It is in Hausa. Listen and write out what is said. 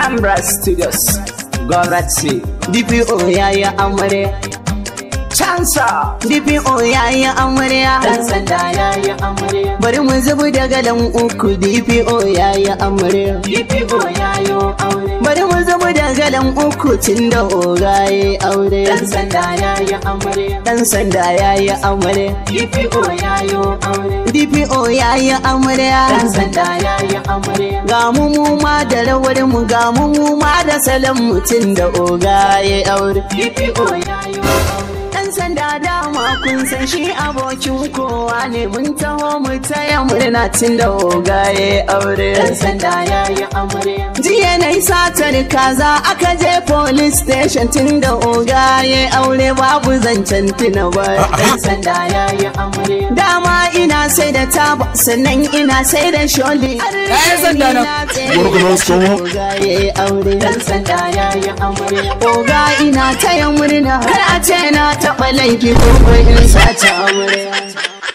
Tambra Studios, Goratsi, DPO Oyaya amare. Chansa, DPO Oyaya amare. Dansa Daya yaya amare. Bari mwenze zubu daga mwuku. uku DPO yaya amare. DPO yayo aure. Bari mwenze zubu daga mwuku. Tinda tunda ogaye aure. Dan ya yaya amare. Dan ya yaya amare. DPO yayo yayi amarya dan sanda yayi amarya ga mu mu ma da rawar mu ga mu mu ma da salam mutun da oga yayi aure dan sanda dama kun san shi abokin kowa ne mun taho mu taya murna tun da oga yayi aure dan sanda yayi aure jiya na satar kaza aka je police station tun da oga yayi aure babu zancen tuna ba dan sanda yi aure taba sannan ina sai da sholi ɗayan sanda na gurgunan tsoho ɗan sanda ya yi aure oga ina taya murna kar a ce na taɓa laifi ko in sace aure